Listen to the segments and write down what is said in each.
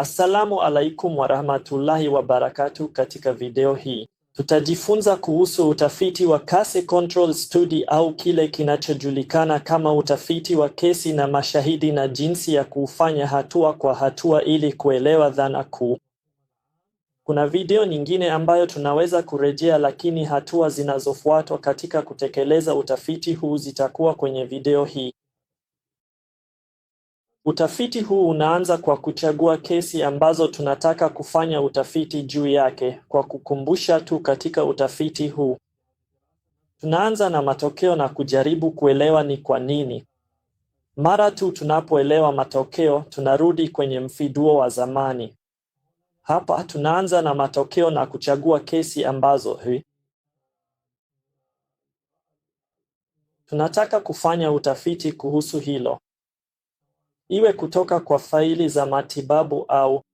Assalamu alaikum warahmatullahi wabarakatu. Katika video hii tutajifunza kuhusu utafiti wa case control study au kile kinachojulikana kama utafiti wa kesi na mashahidi na jinsi ya kuufanya hatua kwa hatua ili kuelewa dhana kuu. Kuna video nyingine ambayo tunaweza kurejea, lakini hatua zinazofuatwa katika kutekeleza utafiti huu zitakuwa kwenye video hii. Utafiti huu unaanza kwa kuchagua kesi ambazo tunataka kufanya utafiti juu yake. Kwa kukumbusha tu katika utafiti huu, tunaanza na matokeo na kujaribu kuelewa ni kwa nini. Mara tu tunapoelewa matokeo, tunarudi kwenye mfiduo wa zamani. Hapa tunaanza na matokeo na kuchagua kesi ambazo hi. tunataka kufanya utafiti kuhusu hilo iwe kutoka kwa faili za matibabu au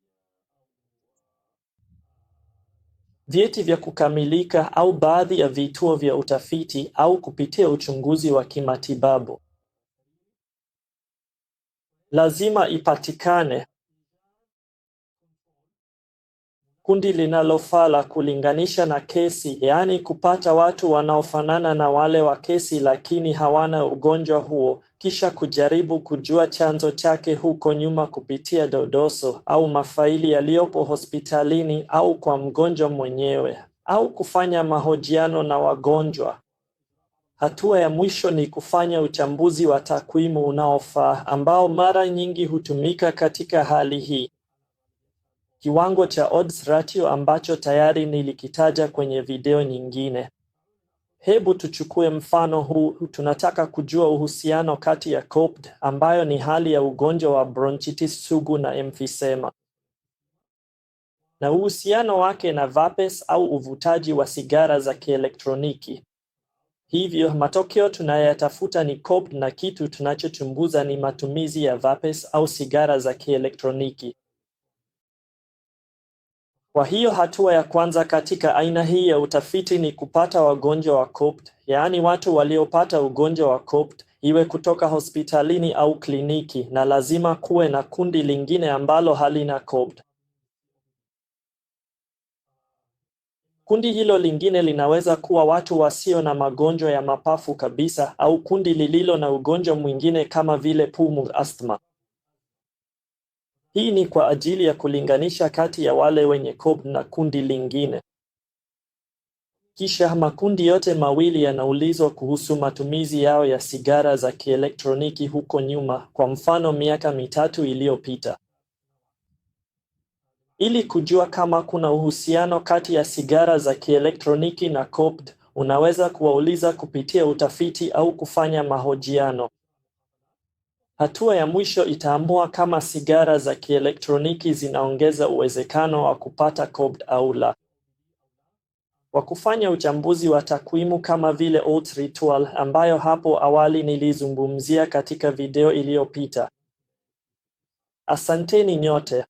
vyeti vya kukamilika au baadhi ya vituo vya utafiti au kupitia uchunguzi wa kimatibabu. Lazima ipatikane kundi linalofaa la kulinganisha na kesi, yaani kupata watu wanaofanana na wale wa kesi lakini hawana ugonjwa huo, kisha kujaribu kujua chanzo chake huko nyuma kupitia dodoso au mafaili yaliyopo hospitalini au kwa mgonjwa mwenyewe au kufanya mahojiano na wagonjwa. Hatua ya mwisho ni kufanya uchambuzi wa takwimu unaofaa ambao mara nyingi hutumika katika hali hii kiwango cha odds ratio ambacho tayari nilikitaja kwenye video nyingine. Hebu tuchukue mfano huu, tunataka kujua uhusiano kati ya COPD ambayo ni hali ya ugonjwa wa bronchitis sugu na emphysema na uhusiano wake na vapes au uvutaji wa sigara za kielektroniki. Hivyo matokeo tunayatafuta ni COPD na kitu tunachochunguza ni matumizi ya vapes au sigara za kielektroniki. Kwa hiyo hatua ya kwanza katika aina hii ya utafiti ni kupata wagonjwa wa COPD, yaani watu waliopata ugonjwa wa COPD, iwe kutoka hospitalini au kliniki, na lazima kuwe na kundi lingine ambalo halina COPD. Kundi hilo lingine linaweza kuwa watu wasio na magonjwa ya mapafu kabisa au kundi lililo na ugonjwa mwingine kama vile pumu, asthma. Hii ni kwa ajili ya kulinganisha kati ya wale wenye CoP na kundi lingine. Kisha makundi yote mawili yanaulizwa kuhusu matumizi yao ya sigara za kielektroniki huko nyuma, kwa mfano miaka mitatu iliyopita, ili kujua kama kuna uhusiano kati ya sigara za kielektroniki na CoP. Unaweza kuwauliza kupitia utafiti au kufanya mahojiano. Hatua ya mwisho itaamua kama sigara za kielektroniki zinaongeza uwezekano wa kupata COPD au la. Kwa kufanya uchambuzi wa takwimu kama vile Oates Ritual ambayo hapo awali nilizungumzia katika video iliyopita. Asanteni nyote.